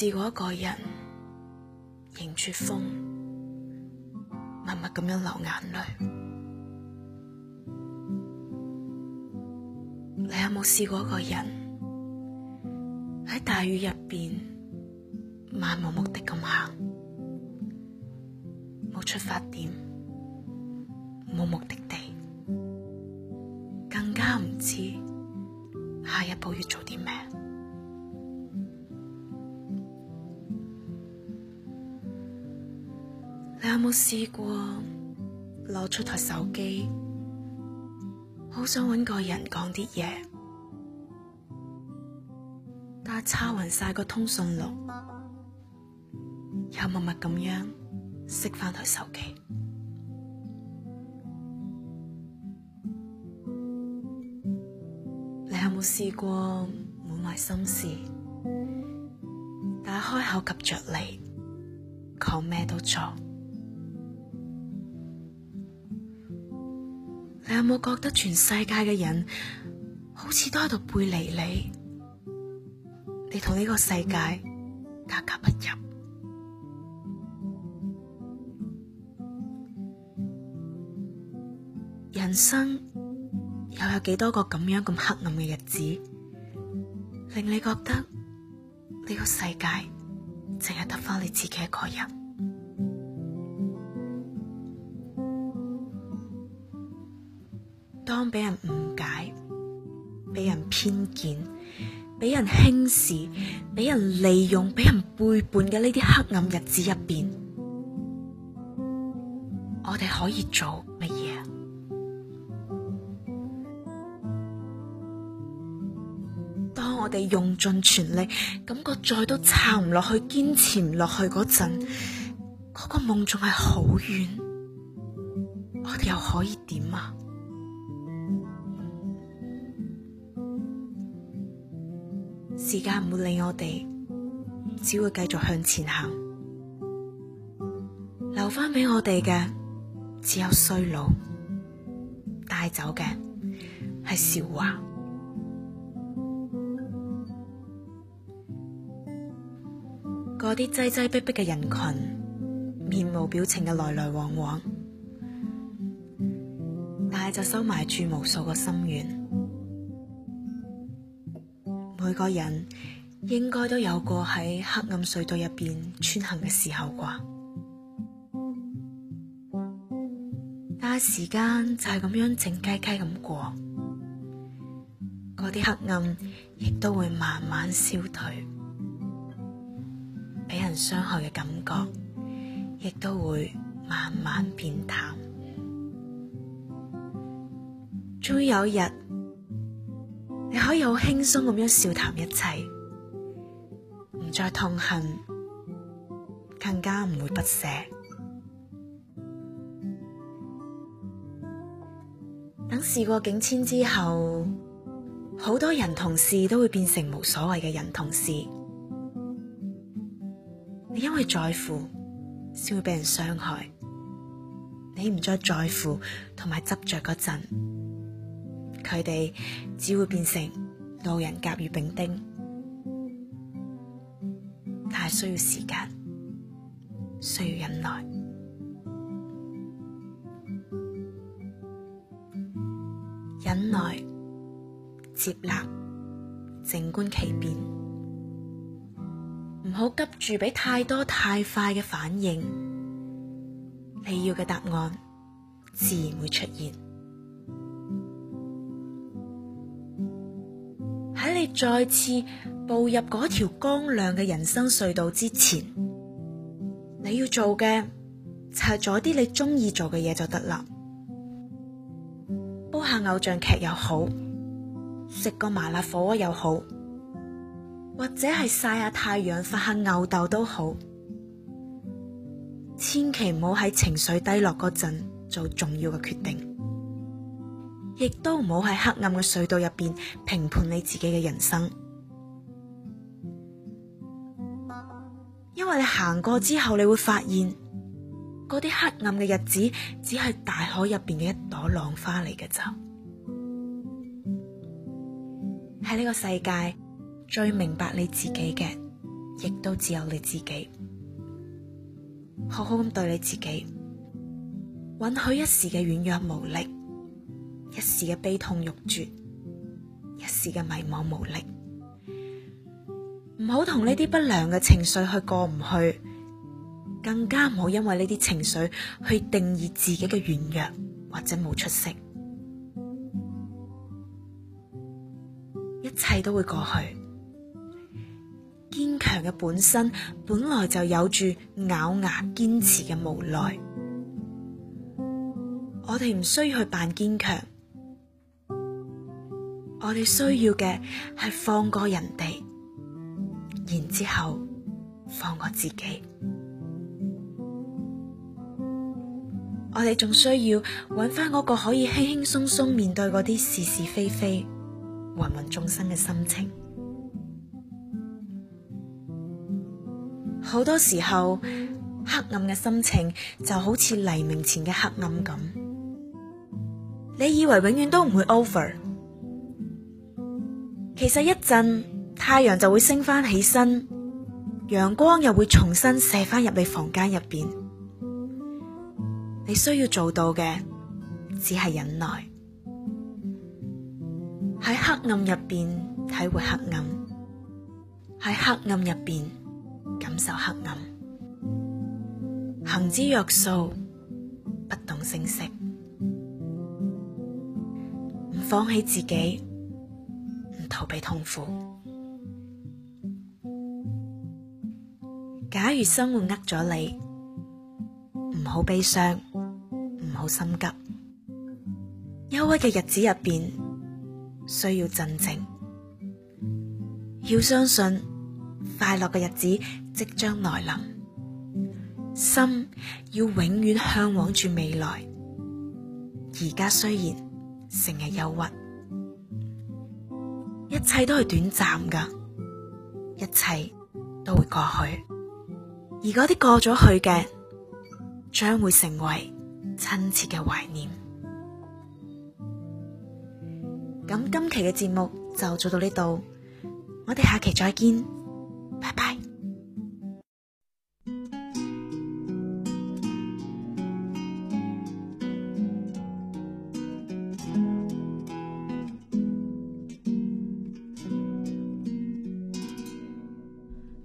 試過一個人迎住風，默默咁樣流眼淚。你有冇試過一個人喺大雨入邊，漫無目的咁行，冇出發點，冇目的地，更加唔知下一步要做啲咩？你有冇試過攞出台手機，好想搵個人講啲嘢，但係抄勻晒個通訊錄，又默默咁樣熄翻台手機。你有冇試過滿懷心事，但係開口及着你講咩都錯？你有冇覺得全世界嘅人好似都喺度背離你？你同呢個世界格格不入。人生又有幾多個咁樣咁黑暗嘅日子，令你覺得呢個世界淨係得返你自己一個人？當俾人誤解、俾人偏見、俾人輕視、俾人利用、俾人背叛嘅呢啲黑暗日子入邊，我哋可以做乜嘢？當我哋用盡全力，感覺再都撐唔落去、堅持唔落去嗰陣，嗰個夢仲係好遠，我哋又可以點啊？時間唔會理我哋，只會繼續向前行。留翻俾我哋嘅只有衰老，帶走嘅係笑話。嗰啲擠擠逼逼嘅人群，面無表情嘅來來往往，但係就收埋住無數個心願。每個人應該都有過喺黑暗隧道入邊穿行嘅時候啩，但時間就係咁樣靜雞雞咁過，嗰啲黑暗亦都會慢慢消退，俾人傷害嘅感覺亦都會慢慢變淡，終於有一日。你可以好輕鬆咁樣笑談一切，唔再痛恨，更加唔會不捨。等事過境遷之後，好多人同事都會變成無所謂嘅人同事。你因為在乎，先會俾人傷害。你唔再在乎同埋執着嗰陣。佢哋只會變成路人甲乙丙丁，但係需要時間，需要忍耐，忍耐接納，靜觀其變，唔好急住俾太多太快嘅反應，你要嘅答案自然會出現。再次步入嗰條光亮嘅人生隧道之前，你要做嘅就係做啲你中意做嘅嘢就得啦。煲下偶像劇又好，食個麻辣火鍋又好，或者係曬下太陽發下吽逗都好。千祈唔好喺情緒低落嗰陣做重要嘅決定。亦都唔好喺黑暗嘅隧道入邊評判你自己嘅人生，因為你行過之後，你會發現嗰啲黑暗嘅日子，只係大海入邊嘅一朵浪花嚟嘅。就喺呢個世界最明白你自己嘅，亦都只有你自己。好好咁對你自己，允許一時嘅軟弱無力。一時嘅悲痛欲絕，一時嘅迷茫無力，唔好同呢啲不良嘅情緒去過唔去，更加唔好因為呢啲情緒去定義自己嘅軟弱或者冇出息。一切都會過去，堅強嘅本身本來就有住咬牙堅持嘅無奈，我哋唔需要去扮堅強。我哋需要嘅係放過人哋，然之後放過自己。我哋仲需要揾翻嗰個可以輕輕鬆鬆面對嗰啲是是非非、芸芸眾生嘅心情。好多時候，黑暗嘅心情就好似黎明前嘅黑暗咁，你以為永遠都唔會 over？其實一陣太陽就會升翻起身，陽光又會重新射翻入你房間入邊。你需要做到嘅，只係忍耐。喺黑暗入邊體會黑暗，喺黑暗入邊感受黑暗。行之若素，不動聲色，唔放棄自己。逃避痛苦。假如生活呃咗你，唔好悲傷，唔好心急。憂鬱嘅日子入邊，需要鎮靜。要相信快樂嘅日子即將來臨。心要永遠向往住未來。而家雖然成日憂鬱。一切都係短暫噶，一切都會過去，而嗰啲過咗去嘅，將會成為親切嘅懷念。咁今期嘅節目就做到呢度，我哋下期再見，拜拜。